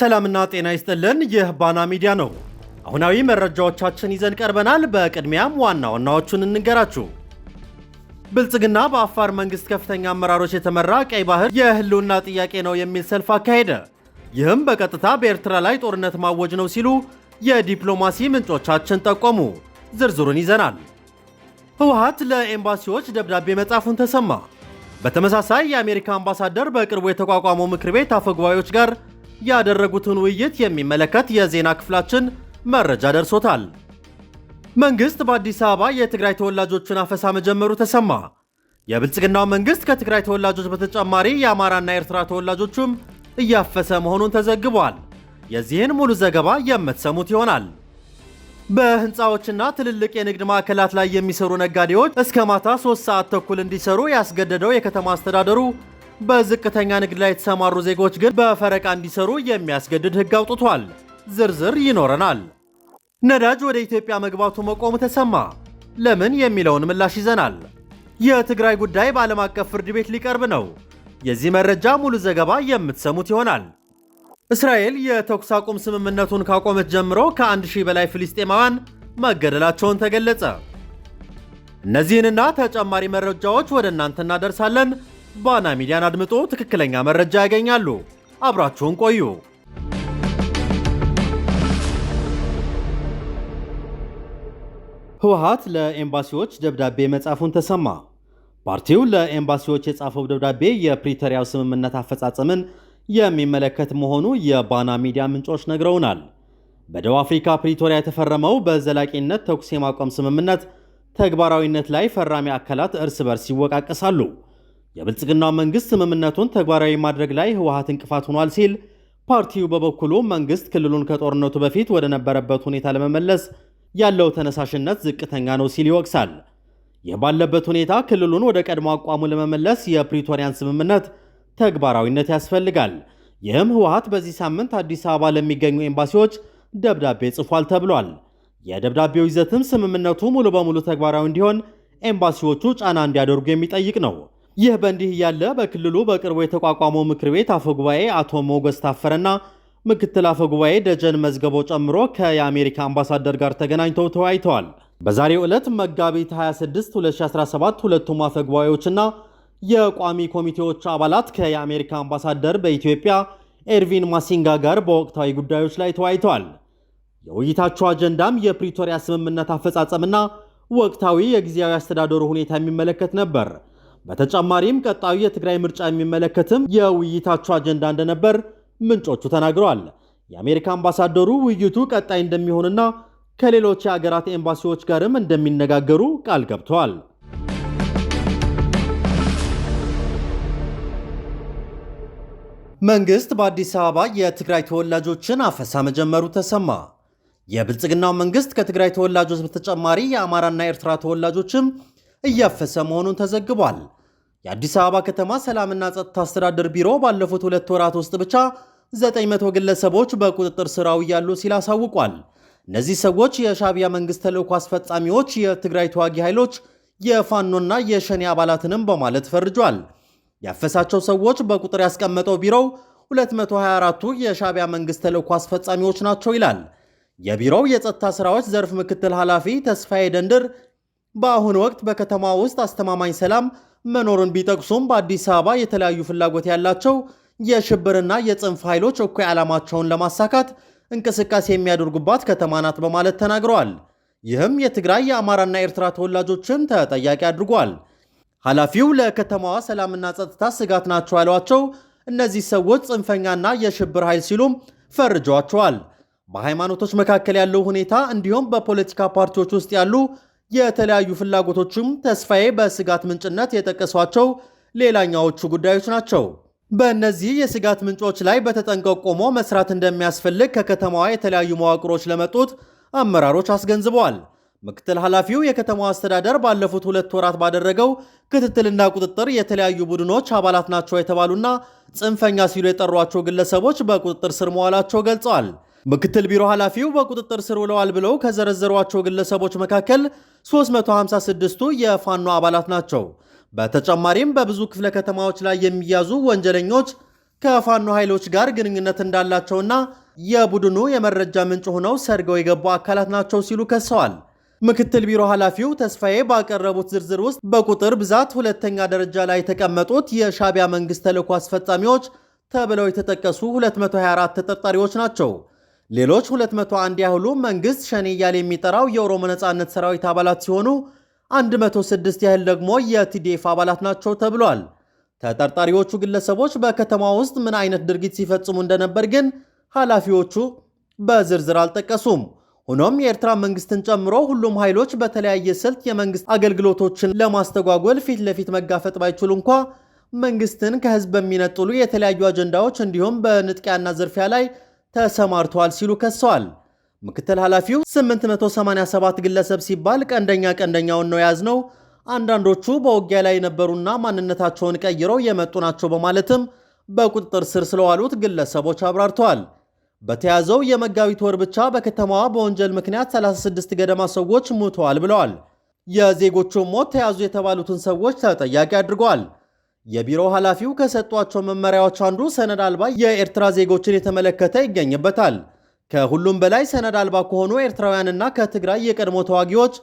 ሰላምና ጤና ይስጥልን። ይህ ባና ሚዲያ ነው። አሁናዊ መረጃዎቻችን ይዘን ቀርበናል። በቅድሚያም ዋና ዋናዎቹን እንንገራችሁ። ብልጽግና በአፋር መንግስት ከፍተኛ አመራሮች የተመራ ቀይ ባህር የህልውና ጥያቄ ነው የሚል ሰልፍ አካሄደ። ይህም በቀጥታ በኤርትራ ላይ ጦርነት ማወጅ ነው ሲሉ የዲፕሎማሲ ምንጮቻችን ጠቆሙ። ዝርዝሩን ይዘናል። ህወሀት ለኤምባሲዎች ደብዳቤ መጻፉን ተሰማ። በተመሳሳይ የአሜሪካ አምባሳደር በቅርቡ የተቋቋመው ምክር ቤት አፈጉባኤዎች ጋር ያደረጉትን ውይይት የሚመለከት የዜና ክፍላችን መረጃ ደርሶታል። መንግስት በአዲስ አበባ የትግራይ ተወላጆችን አፈሳ መጀመሩ ተሰማ። የብልጽግናው መንግስት ከትግራይ ተወላጆች በተጨማሪ የአማራና የኤርትራ ተወላጆቹም እያፈሰ መሆኑን ተዘግቧል። የዚህን ሙሉ ዘገባ የምትሰሙት ይሆናል። በህንፃዎችና ትልልቅ የንግድ ማዕከላት ላይ የሚሰሩ ነጋዴዎች እስከ ማታ ሶስት ሰዓት ተኩል እንዲሰሩ ያስገደደው የከተማ አስተዳደሩ በዝቅተኛ ንግድ ላይ የተሰማሩ ዜጎች ግን በፈረቃ እንዲሰሩ የሚያስገድድ ህግ አውጥቷል። ዝርዝር ይኖረናል። ነዳጅ ወደ ኢትዮጵያ መግባቱ መቆሙ ተሰማ፣ ለምን የሚለውን ምላሽ ይዘናል። የትግራይ ጉዳይ በዓለም አቀፍ ፍርድ ቤት ሊቀርብ ነው። የዚህ መረጃ ሙሉ ዘገባ የምትሰሙት ይሆናል። እስራኤል የተኩስ አቁም ስምምነቱን ካቆመች ጀምሮ ከአንድ ሺህ በላይ ፍልስጤማውያን መገደላቸውን ተገለጸ። እነዚህንና ተጨማሪ መረጃዎች ወደ እናንተ እናደርሳለን። ባና ሚዲያን አድምጦ ትክክለኛ መረጃ ያገኛሉ። አብራችሁን ቆዩ። ህወሓት ለኤምባሲዎች ደብዳቤ መጻፉን ተሰማ። ፓርቲው ለኤምባሲዎች የጻፈው ደብዳቤ የፕሪቶሪያው ስምምነት አፈጻጸምን የሚመለከት መሆኑ የባና ሚዲያ ምንጮች ነግረውናል። በደቡብ አፍሪካ ፕሪቶሪያ የተፈረመው በዘላቂነት ተኩስ የማቆም ስምምነት ተግባራዊነት ላይ ፈራሚ አካላት እርስ በርስ ይወቃቀሳሉ። የብልጽግናው መንግስት ስምምነቱን ተግባራዊ ማድረግ ላይ ህወሀት እንቅፋት ሆኗል ሲል ፓርቲው በበኩሉ መንግስት ክልሉን ከጦርነቱ በፊት ወደ ነበረበት ሁኔታ ለመመለስ ያለው ተነሳሽነት ዝቅተኛ ነው ሲል ይወቅሳል። ይህ ባለበት ሁኔታ ክልሉን ወደ ቀድሞ አቋሙ ለመመለስ የፕሪቶሪያን ስምምነት ተግባራዊነት ያስፈልጋል። ይህም ህወሀት በዚህ ሳምንት አዲስ አበባ ለሚገኙ ኤምባሲዎች ደብዳቤ ጽፏል ተብሏል። የደብዳቤው ይዘትም ስምምነቱ ሙሉ በሙሉ ተግባራዊ እንዲሆን ኤምባሲዎቹ ጫና እንዲያደርጉ የሚጠይቅ ነው። ይህ በእንዲህ እያለ በክልሉ በቅርቡ የተቋቋመው ምክር ቤት አፈጉባኤ አቶ ሞገስ ታፈረና ምክትል አፈጉባኤ ደጀን መዝገቦ ጨምሮ ከየአሜሪካ አምባሳደር ጋር ተገናኝተው ተወያይተዋል። በዛሬው ዕለት መጋቢት 26 2017 ሁለቱም አፈጉባኤዎችና የቋሚ ኮሚቴዎች አባላት ከየአሜሪካ አምባሳደር በኢትዮጵያ ኤርቪን ማሲንጋ ጋር በወቅታዊ ጉዳዮች ላይ ተወያይተዋል። የውይይታቸው አጀንዳም የፕሪቶሪያ ስምምነት አፈጻጸምና ወቅታዊ የጊዜያዊ አስተዳደሩ ሁኔታ የሚመለከት ነበር። በተጨማሪም ቀጣዩ የትግራይ ምርጫ የሚመለከትም የውይይታቸው አጀንዳ እንደነበር ምንጮቹ ተናግረዋል። የአሜሪካ አምባሳደሩ ውይይቱ ቀጣይ እንደሚሆንና ከሌሎች የሀገራት ኤምባሲዎች ጋርም እንደሚነጋገሩ ቃል ገብተዋል። መንግስት በአዲስ አበባ የትግራይ ተወላጆችን አፈሳ መጀመሩ ተሰማ። የብልጽግናው መንግስት ከትግራይ ተወላጆች በተጨማሪ የአማራና ኤርትራ ተወላጆችም እያፈሰ መሆኑን ተዘግቧል። የአዲስ አበባ ከተማ ሰላምና ጸጥታ አስተዳደር ቢሮ ባለፉት ሁለት ወራት ውስጥ ብቻ 900 ግለሰቦች በቁጥጥር ስር እያሉ ሲል አሳውቋል። እነዚህ ሰዎች የሻቢያ መንግስት ተልእኮ አስፈጻሚዎች፣ የትግራይ ተዋጊ ኃይሎች፣ የፋኖና የሸኔ አባላትንም በማለት ፈርጇል። ያፈሳቸው ሰዎች በቁጥር ያስቀመጠው ቢሮው 224ቱ የሻቢያ መንግስት ተልእኮ አስፈጻሚዎች ናቸው ይላል። የቢሮው የጸጥታ ሥራዎች ዘርፍ ምክትል ኃላፊ ተስፋዬ ደንድር በአሁኑ ወቅት በከተማ ውስጥ አስተማማኝ ሰላም መኖሩን ቢጠቅሱም በአዲስ አበባ የተለያዩ ፍላጎት ያላቸው የሽብርና የጽንፍ ኃይሎች እኩይ ዓላማቸውን ለማሳካት እንቅስቃሴ የሚያደርጉባት ከተማ ናት በማለት ተናግረዋል። ይህም የትግራይ የአማራና ኤርትራ ተወላጆችን ተጠያቂ አድርጓል። ኃላፊው ለከተማዋ ሰላምና ጸጥታ ስጋት ናቸው ያሏቸው እነዚህ ሰዎች ጽንፈኛና የሽብር ኃይል ሲሉም ፈርጀዋቸዋል። በሃይማኖቶች መካከል ያለው ሁኔታ እንዲሁም በፖለቲካ ፓርቲዎች ውስጥ ያሉ የተለያዩ ፍላጎቶችም ተስፋዬ በስጋት ምንጭነት የጠቀሷቸው ሌላኛዎቹ ጉዳዮች ናቸው። በእነዚህ የስጋት ምንጮች ላይ በተጠንቀቅ ቆሞ መስራት እንደሚያስፈልግ ከከተማዋ የተለያዩ መዋቅሮች ለመጡት አመራሮች አስገንዝበዋል። ምክትል ኃላፊው የከተማዋ አስተዳደር ባለፉት ሁለት ወራት ባደረገው ክትትልና ቁጥጥር የተለያዩ ቡድኖች አባላት ናቸው የተባሉና ጽንፈኛ ሲሉ የጠሯቸው ግለሰቦች በቁጥጥር ስር መዋላቸው ገልጸዋል። ምክትል ቢሮ ኃላፊው በቁጥጥር ስር ውለዋል ብለው ከዘረዘሯቸው ግለሰቦች መካከል 356ቱ የፋኖ አባላት ናቸው። በተጨማሪም በብዙ ክፍለ ከተማዎች ላይ የሚያዙ ወንጀለኞች ከፋኖ ኃይሎች ጋር ግንኙነት እንዳላቸውና የቡድኑ የመረጃ ምንጭ ሆነው ሰርገው የገቡ አካላት ናቸው ሲሉ ከሰዋል። ምክትል ቢሮ ኃላፊው ተስፋዬ ባቀረቡት ዝርዝር ውስጥ በቁጥር ብዛት ሁለተኛ ደረጃ ላይ የተቀመጡት የሻቢያ መንግሥት ተልዕኮ አስፈጻሚዎች ተብለው የተጠቀሱ 224 ተጠርጣሪዎች ናቸው። ሌሎች 201 ያህሉ መንግሥት ሸኔ እያለ የሚጠራው የኦሮሞ ነጻነት ሰራዊት አባላት ሲሆኑ 106 ያህል ደግሞ የቲዲኤፍ አባላት ናቸው ተብሏል። ተጠርጣሪዎቹ ግለሰቦች በከተማ ውስጥ ምን አይነት ድርጊት ሲፈጽሙ እንደነበር ግን ኃላፊዎቹ በዝርዝር አልጠቀሱም። ሆኖም የኤርትራ መንግስትን ጨምሮ ሁሉም ኃይሎች በተለያየ ስልት የመንግስት አገልግሎቶችን ለማስተጓጎል ፊት ለፊት መጋፈጥ ባይችሉ እንኳ መንግስትን ከህዝብ በሚነጥሉ የተለያዩ አጀንዳዎች እንዲሁም በንጥቂያና ዝርፊያ ላይ ተሰማርተዋል ሲሉ ከሰዋል። ምክትል ኃላፊው 887 ግለሰብ ሲባል ቀንደኛ ቀንደኛውን ነው የያዝነው፣ አንዳንዶቹ በውጊያ ላይ የነበሩና ማንነታቸውን ቀይረው የመጡ ናቸው በማለትም በቁጥጥር ስር ስለዋሉት ግለሰቦች አብራርተዋል። በተያዘው የመጋቢት ወር ብቻ በከተማዋ በወንጀል ምክንያት 36 ገደማ ሰዎች ሙተዋል ብለዋል። የዜጎቹን ሞት ተያዙ የተባሉትን ሰዎች ተጠያቂ አድርገዋል። የቢሮ ኃላፊው ከሰጧቸው መመሪያዎች አንዱ ሰነድ አልባ የኤርትራ ዜጎችን የተመለከተ ይገኝበታል። ከሁሉም በላይ ሰነድ አልባ ከሆኑ ኤርትራውያንና ከትግራይ የቀድሞ ተዋጊዎች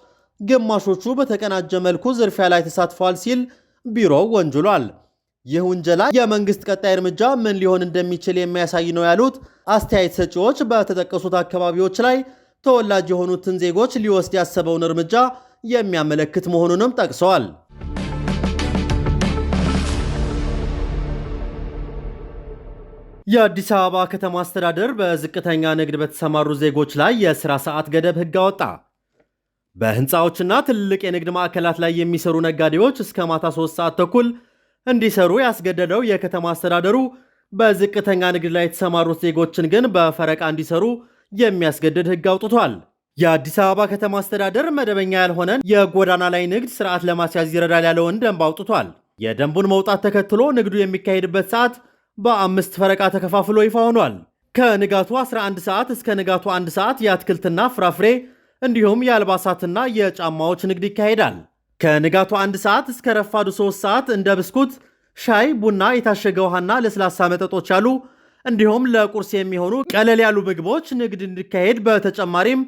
ግማሾቹ በተቀናጀ መልኩ ዝርፊያ ላይ ተሳትፈዋል ሲል ቢሮው ወንጅሏል። ይህ ውንጀላ የመንግስት ቀጣይ እርምጃ ምን ሊሆን እንደሚችል የሚያሳይ ነው ያሉት አስተያየት ሰጪዎች በተጠቀሱት አካባቢዎች ላይ ተወላጅ የሆኑትን ዜጎች ሊወስድ ያሰበውን እርምጃ የሚያመለክት መሆኑንም ጠቅሰዋል። የአዲስ አበባ ከተማ አስተዳደር በዝቅተኛ ንግድ በተሰማሩ ዜጎች ላይ የሥራ ሰዓት ገደብ ሕግ አወጣ። በሕንፃዎችና ትልቅ የንግድ ማዕከላት ላይ የሚሰሩ ነጋዴዎች እስከ ማታ 3 ሰዓት ተኩል እንዲሰሩ ያስገደደው የከተማ አስተዳደሩ በዝቅተኛ ንግድ ላይ የተሰማሩት ዜጎችን ግን በፈረቃ እንዲሰሩ የሚያስገድድ ሕግ አውጥቷል። የአዲስ አበባ ከተማ አስተዳደር መደበኛ ያልሆነን የጎዳና ላይ ንግድ ስርዓት ለማስያዝ ይረዳል ያለውን ደንብ አውጥቷል። የደንቡን መውጣት ተከትሎ ንግዱ የሚካሄድበት ሰዓት በአምስት ፈረቃ ተከፋፍሎ ይፋ ሆኗል። ከንጋቱ 11 ሰዓት እስከ ንጋቱ 1 ሰዓት የአትክልትና ፍራፍሬ እንዲሁም የአልባሳትና የጫማዎች ንግድ ይካሄዳል። ከንጋቱ 1 ሰዓት እስከ ረፋዱ 3 ሰዓት እንደ ብስኩት፣ ሻይ፣ ቡና፣ የታሸገ ውሃና ለስላሳ መጠጦች አሉ። እንዲሁም ለቁርስ የሚሆኑ ቀለል ያሉ ምግቦች ንግድ እንዲካሄድ በተጨማሪም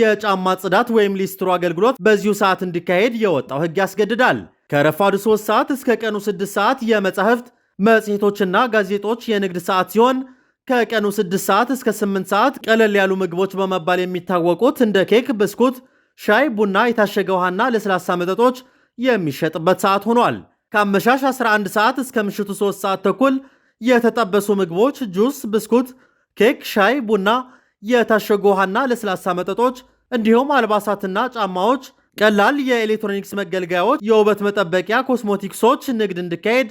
የጫማ ጽዳት ወይም ሊስትሮ አገልግሎት በዚሁ ሰዓት እንዲካሄድ የወጣው ሕግ ያስገድዳል። ከረፋዱ 3 ሰዓት እስከ ቀኑ 6 ሰዓት የመጻሕፍት መጽሔቶችና ጋዜጦች የንግድ ሰዓት ሲሆን ከቀኑ 6 ሰዓት እስከ 8 ሰዓት ቀለል ያሉ ምግቦች በመባል የሚታወቁት እንደ ኬክ፣ ብስኩት፣ ሻይ፣ ቡና፣ የታሸገ ውሃና ለስላሳ መጠጦች የሚሸጥበት ሰዓት ሆኗል። ከአመሻሽ 11 ሰዓት እስከ ምሽቱ 3 ሰዓት ተኩል የተጠበሱ ምግቦች፣ ጁስ፣ ብስኩት፣ ኬክ፣ ሻይ፣ ቡና፣ የታሸጉ ውሃና ለስላሳ መጠጦች እንዲሁም አልባሳትና ጫማዎች፣ ቀላል የኤሌክትሮኒክስ መገልገያዎች፣ የውበት መጠበቂያ ኮስሞቲክሶች ንግድ እንዲካሄድ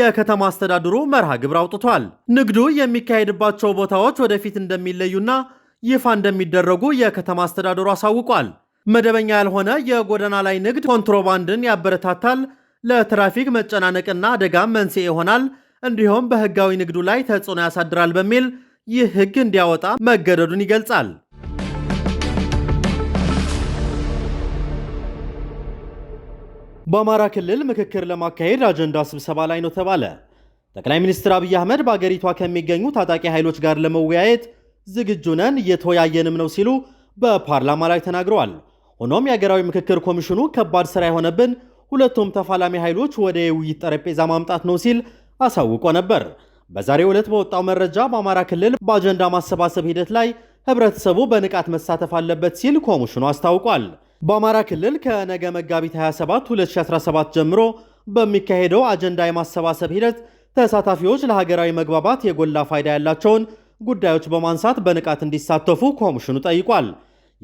የከተማ አስተዳደሩ መርሃ ግብር አውጥቷል። ንግዱ የሚካሄድባቸው ቦታዎች ወደፊት እንደሚለዩና ይፋ እንደሚደረጉ የከተማ አስተዳደሩ አሳውቋል። መደበኛ ያልሆነ የጎዳና ላይ ንግድ ኮንትሮባንድን ያበረታታል፣ ለትራፊክ መጨናነቅና አደጋም መንስኤ ይሆናል፣ እንዲሁም በህጋዊ ንግዱ ላይ ተጽዕኖ ያሳድራል በሚል ይህ ህግ እንዲያወጣ መገደዱን ይገልጻል። በአማራ ክልል ምክክር ለማካሄድ አጀንዳ ስብሰባ ላይ ነው ተባለ። ጠቅላይ ሚኒስትር አብይ አህመድ በአገሪቷ ከሚገኙ ታጣቂ ኃይሎች ጋር ለመወያየት ዝግጁ ነን፣ እየተወያየንም ነው ሲሉ በፓርላማ ላይ ተናግረዋል። ሆኖም የሀገራዊ ምክክር ኮሚሽኑ ከባድ ስራ የሆነብን ሁለቱም ተፋላሚ ኃይሎች ወደ የውይይት ጠረጴዛ ማምጣት ነው ሲል አሳውቆ ነበር። በዛሬው ዕለት በወጣው መረጃ በአማራ ክልል በአጀንዳ ማሰባሰብ ሂደት ላይ ህብረተሰቡ በንቃት መሳተፍ አለበት ሲል ኮሚሽኑ አስታውቋል። በአማራ ክልል ከነገ መጋቢት 27 2017 ጀምሮ በሚካሄደው አጀንዳ የማሰባሰብ ሂደት ተሳታፊዎች ለሀገራዊ መግባባት የጎላ ፋይዳ ያላቸውን ጉዳዮች በማንሳት በንቃት እንዲሳተፉ ኮሚሽኑ ጠይቋል።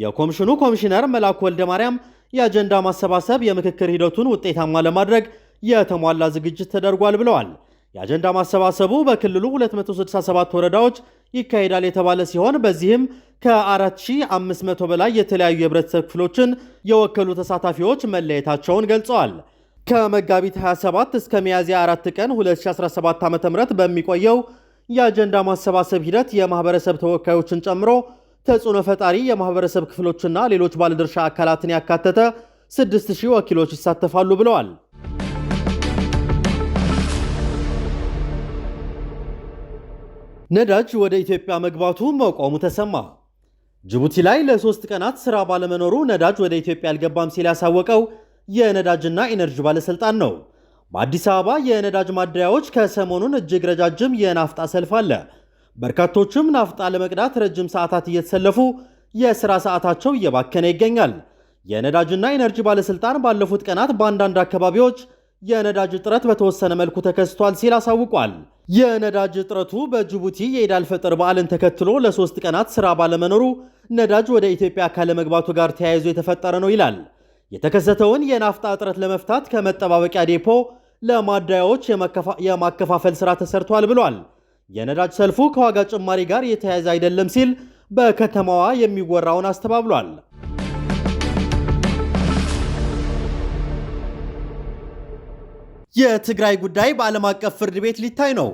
የኮሚሽኑ ኮሚሽነር መላኩ ወልደ ማርያም የአጀንዳ ማሰባሰብ የምክክር ሂደቱን ውጤታማ ለማድረግ የተሟላ ዝግጅት ተደርጓል ብለዋል። የአጀንዳ ማሰባሰቡ በክልሉ 267 ወረዳዎች ይካሄዳል የተባለ ሲሆን በዚህም ከ4500 በላይ የተለያዩ የህብረተሰብ ክፍሎችን የወከሉ ተሳታፊዎች መለየታቸውን ገልጸዋል። ከመጋቢት 27 እስከ ሚያዝያ 4 ቀን 2017 ዓ ም በሚቆየው የአጀንዳ ማሰባሰብ ሂደት የማህበረሰብ ተወካዮችን ጨምሮ ተጽዕኖ ፈጣሪ የማህበረሰብ ክፍሎችና ሌሎች ባለድርሻ አካላትን ያካተተ 6000 ወኪሎች ይሳተፋሉ ብለዋል። ነዳጅ ወደ ኢትዮጵያ መግባቱ መቆሙ ተሰማ። ጅቡቲ ላይ ለሶስት ቀናት ስራ ባለመኖሩ ነዳጅ ወደ ኢትዮጵያ አልገባም ሲል ያሳወቀው የነዳጅና ኢነርጂ ባለስልጣን ነው። በአዲስ አበባ የነዳጅ ማደያዎች ከሰሞኑን እጅግ ረጃጅም የናፍጣ ሰልፍ አለ። በርካቶችም ናፍጣ ለመቅዳት ረጅም ሰዓታት እየተሰለፉ የሥራ ሰዓታቸው እየባከነ ይገኛል። የነዳጅና ኢነርጂ ባለስልጣን ባለፉት ቀናት በአንዳንድ አካባቢዎች የነዳጅ እጥረት በተወሰነ መልኩ ተከስቷል ሲል አሳውቋል። የነዳጅ እጥረቱ በጅቡቲ የኢዳል ፈጥር በዓልን ተከትሎ ለሶስት ቀናት ስራ ባለመኖሩ ነዳጅ ወደ ኢትዮጵያ ካለመግባቱ ጋር ተያይዞ የተፈጠረ ነው ይላል። የተከሰተውን የናፍጣ እጥረት ለመፍታት ከመጠባበቂያ ዴፖ ለማደያዎች የማከፋፈል ስራ ተሰርቷል ብሏል። የነዳጅ ሰልፉ ከዋጋ ጭማሪ ጋር የተያያዘ አይደለም ሲል በከተማዋ የሚወራውን አስተባብሏል። የትግራይ ጉዳይ በዓለም አቀፍ ፍርድ ቤት ሊታይ ነው።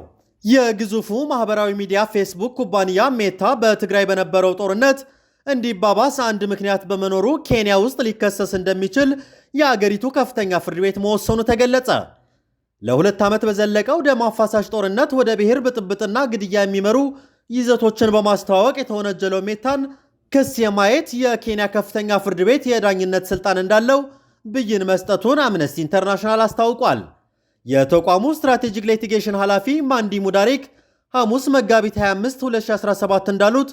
የግዙፉ ማህበራዊ ሚዲያ ፌስቡክ ኩባንያ ሜታ በትግራይ በነበረው ጦርነት እንዲባባስ አንድ ምክንያት በመኖሩ ኬንያ ውስጥ ሊከሰስ እንደሚችል የአገሪቱ ከፍተኛ ፍርድ ቤት መወሰኑ ተገለጸ። ለሁለት ዓመት በዘለቀው ደም አፋሳሽ ጦርነት ወደ ብሔር ብጥብጥና ግድያ የሚመሩ ይዘቶችን በማስተዋወቅ የተወነጀለው ሜታን ክስ የማየት የኬንያ ከፍተኛ ፍርድ ቤት የዳኝነት ስልጣን እንዳለው ብይን መስጠቱን አምነስቲ ኢንተርናሽናል አስታውቋል። የተቋሙ ስትራቴጂክ ሊቲጌሽን ኃላፊ ማንዲ ሙዳሪክ ሐሙስ መጋቢት 25 2017 እንዳሉት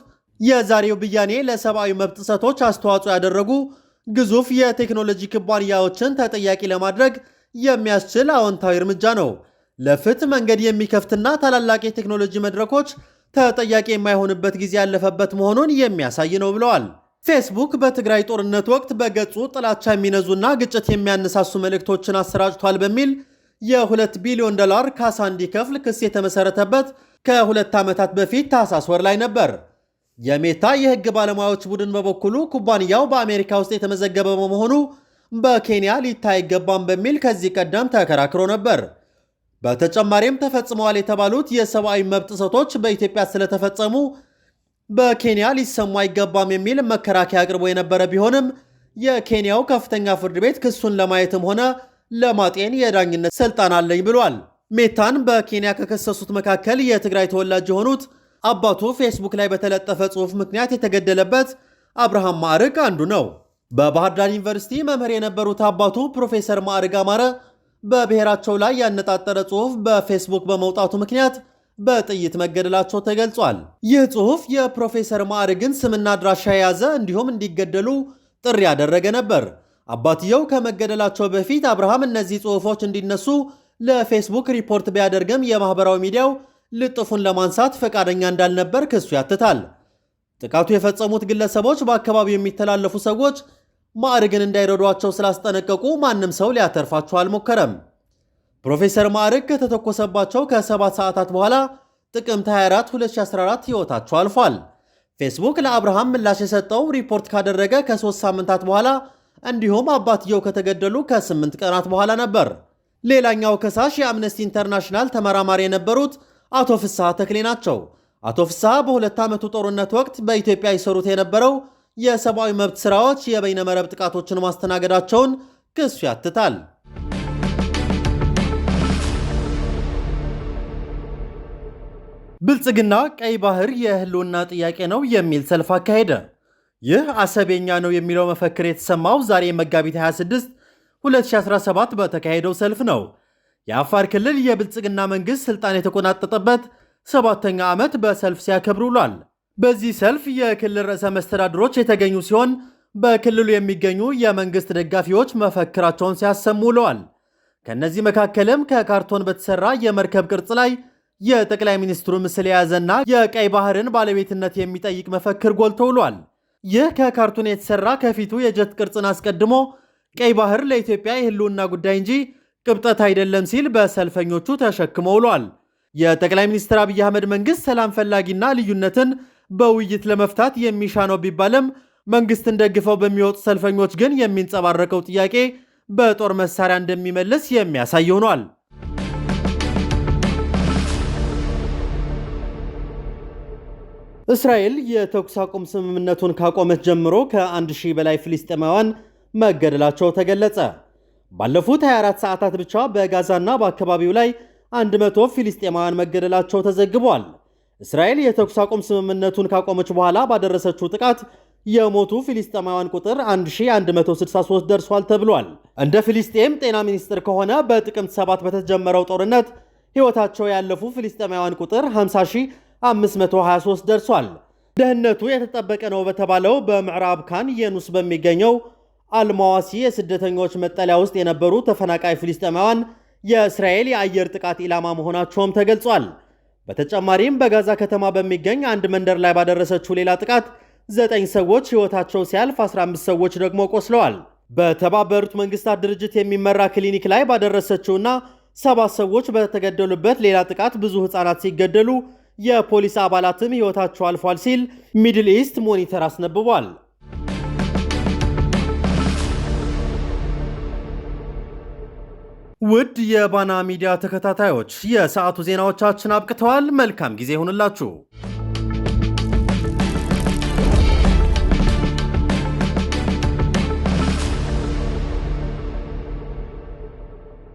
የዛሬው ብያኔ ለሰብአዊ መብት ጥሰቶች አስተዋጽኦ ያደረጉ ግዙፍ የቴክኖሎጂ ኩባንያዎችን ተጠያቂ ለማድረግ የሚያስችል አዎንታዊ እርምጃ ነው። ለፍትህ መንገድ የሚከፍትና ታላላቅ የቴክኖሎጂ መድረኮች ተጠያቂ የማይሆንበት ጊዜ ያለፈበት መሆኑን የሚያሳይ ነው ብለዋል። ፌስቡክ በትግራይ ጦርነት ወቅት በገጹ ጥላቻ የሚነዙና ግጭት የሚያነሳሱ መልእክቶችን አሰራጭቷል በሚል የ2 ቢሊዮን ዶላር ካሳ እንዲከፍል ክስ የተመሰረተበት ከሁለት ዓመታት በፊት ታህሳስ ወር ላይ ነበር። የሜታ የሕግ ባለሙያዎች ቡድን በበኩሉ ኩባንያው በአሜሪካ ውስጥ የተመዘገበ በመሆኑ በኬንያ ሊታይ አይገባም በሚል ከዚህ ቀደም ተከራክሮ ነበር። በተጨማሪም ተፈጽመዋል የተባሉት የሰብአዊ መብት ጥሰቶች በኢትዮጵያ ስለተፈጸሙ በኬንያ ሊሰሙ አይገባም የሚል መከራከያ አቅርቦ የነበረ ቢሆንም የኬንያው ከፍተኛ ፍርድ ቤት ክሱን ለማየትም ሆነ ለማጤን የዳኝነት ስልጣን አለኝ ብሏል። ሜታን በኬንያ ከከሰሱት መካከል የትግራይ ተወላጅ የሆኑት አባቱ ፌስቡክ ላይ በተለጠፈ ጽሑፍ ምክንያት የተገደለበት አብርሃም ማዕርግ አንዱ ነው። በባህር ዳር ዩኒቨርሲቲ መምህር የነበሩት አባቱ ፕሮፌሰር ማዕርግ አማረ በብሔራቸው ላይ ያነጣጠረ ጽሑፍ በፌስቡክ በመውጣቱ ምክንያት በጥይት መገደላቸው ተገልጿል። ይህ ጽሑፍ የፕሮፌሰር ማዕርግን ስምና አድራሻ የያዘ እንዲሁም እንዲገደሉ ጥሪ ያደረገ ነበር። አባትየው ከመገደላቸው በፊት አብርሃም እነዚህ ጽሑፎች እንዲነሱ ለፌስቡክ ሪፖርት ቢያደርግም የማኅበራዊ ሚዲያው ልጥፉን ለማንሳት ፈቃደኛ እንዳልነበር ክሱ ያትታል። ጥቃቱ የፈጸሙት ግለሰቦች በአካባቢው የሚተላለፉ ሰዎች ማዕርግን እንዳይረዷቸው ስላስጠነቀቁ ማንም ሰው ሊያተርፋቸው አልሞከረም። ፕሮፌሰር ማዕርግ ከተተኮሰባቸው ከሰባት ሰዓታት በኋላ ጥቅምት 24 2014 ሕይወታቸው አልፏል። ፌስቡክ ለአብርሃም ምላሽ የሰጠው ሪፖርት ካደረገ ከሦስት ሳምንታት በኋላ እንዲሁም አባትየው ከተገደሉ ከስምንት ቀናት በኋላ ነበር። ሌላኛው ከሳሽ የአምነስቲ ኢንተርናሽናል ተመራማሪ የነበሩት አቶ ፍስሐ ተክሌ ናቸው። አቶ ፍስሐ በሁለት ዓመቱ ጦርነት ወቅት በኢትዮጵያ ይሰሩት የነበረው የሰብአዊ መብት ሥራዎች የበይነመረብ ጥቃቶችን ማስተናገዳቸውን ክሱ ያትታል። ብልጽግና ቀይ ባህር የህልውና ጥያቄ ነው የሚል ሰልፍ አካሄደ። ይህ አሰቤኛ ነው የሚለው መፈክር የተሰማው ዛሬ መጋቢት 26 2017 በተካሄደው ሰልፍ ነው። የአፋር ክልል የብልጽግና መንግሥት ሥልጣን የተቆናጠጠበት ሰባተኛ ዓመት በሰልፍ ሲያከብር ውሏል። በዚህ ሰልፍ የክልል ርዕሰ መስተዳድሮች የተገኙ ሲሆን በክልሉ የሚገኙ የመንግሥት ደጋፊዎች መፈክራቸውን ሲያሰሙ ውለዋል። ከእነዚህ መካከልም ከካርቶን በተሰራ የመርከብ ቅርጽ ላይ የጠቅላይ ሚኒስትሩ ምስል የያዘና የቀይ ባህርን ባለቤትነት የሚጠይቅ መፈክር ጎልቶ ውሏል። ይህ ከካርቱን የተሰራ ከፊቱ የጀት ቅርጽን አስቀድሞ ቀይ ባህር ለኢትዮጵያ የህልውና ጉዳይ እንጂ ቅብጠት አይደለም ሲል በሰልፈኞቹ ተሸክሞ ውሏል። የጠቅላይ ሚኒስትር አብይ አህመድ መንግስት ሰላም ፈላጊና ልዩነትን በውይይት ለመፍታት የሚሻ ነው ቢባልም መንግስትን ደግፈው በሚወጡ ሰልፈኞች ግን የሚንጸባረቀው ጥያቄ በጦር መሳሪያ እንደሚመለስ የሚያሳይ ሆኗል። እስራኤል የተኩስ አቁም ስምምነቱን ካቆመች ጀምሮ ከአንድ ሺህ በላይ ፍልስጤማውያን መገደላቸው ተገለጸ። ባለፉት 24 ሰዓታት ብቻ በጋዛና በአካባቢው ላይ 100 ፊልስጤማውያን መገደላቸው ተዘግቧል። እስራኤል የተኩስ አቁም ስምምነቱን ካቆመች በኋላ ባደረሰችው ጥቃት የሞቱ ፊልስጤማውያን ቁጥር 1163 ደርሷል ተብሏል። እንደ ፊልስጤም ጤና ሚኒስትር ከሆነ በጥቅምት 7 በተጀመረው ጦርነት ሕይወታቸው ያለፉ ፊልስጤማውያን ቁጥር 50 523 ደርሷል። ደህንነቱ የተጠበቀ ነው በተባለው በምዕራብ ካን የኑስ በሚገኘው አልማዋሲ የስደተኞች መጠለያ ውስጥ የነበሩ ተፈናቃይ ፍልስጤማውያን የእስራኤል የአየር ጥቃት ኢላማ መሆናቸውም ተገልጿል። በተጨማሪም በጋዛ ከተማ በሚገኝ አንድ መንደር ላይ ባደረሰችው ሌላ ጥቃት ዘጠኝ ሰዎች ሕይወታቸው ሲያልፍ 15 ሰዎች ደግሞ ቆስለዋል። በተባበሩት መንግስታት ድርጅት የሚመራ ክሊኒክ ላይ ባደረሰችውና ሰባት ሰዎች በተገደሉበት ሌላ ጥቃት ብዙ ሕፃናት ሲገደሉ የፖሊስ አባላትም ሕይወታቸው አልፏል ሲል ሚድል ኢስት ሞኒተር አስነብቧል። ውድ የባና ሚዲያ ተከታታዮች የሰዓቱ ዜናዎቻችን አብቅተዋል። መልካም ጊዜ ይሁንላችሁ።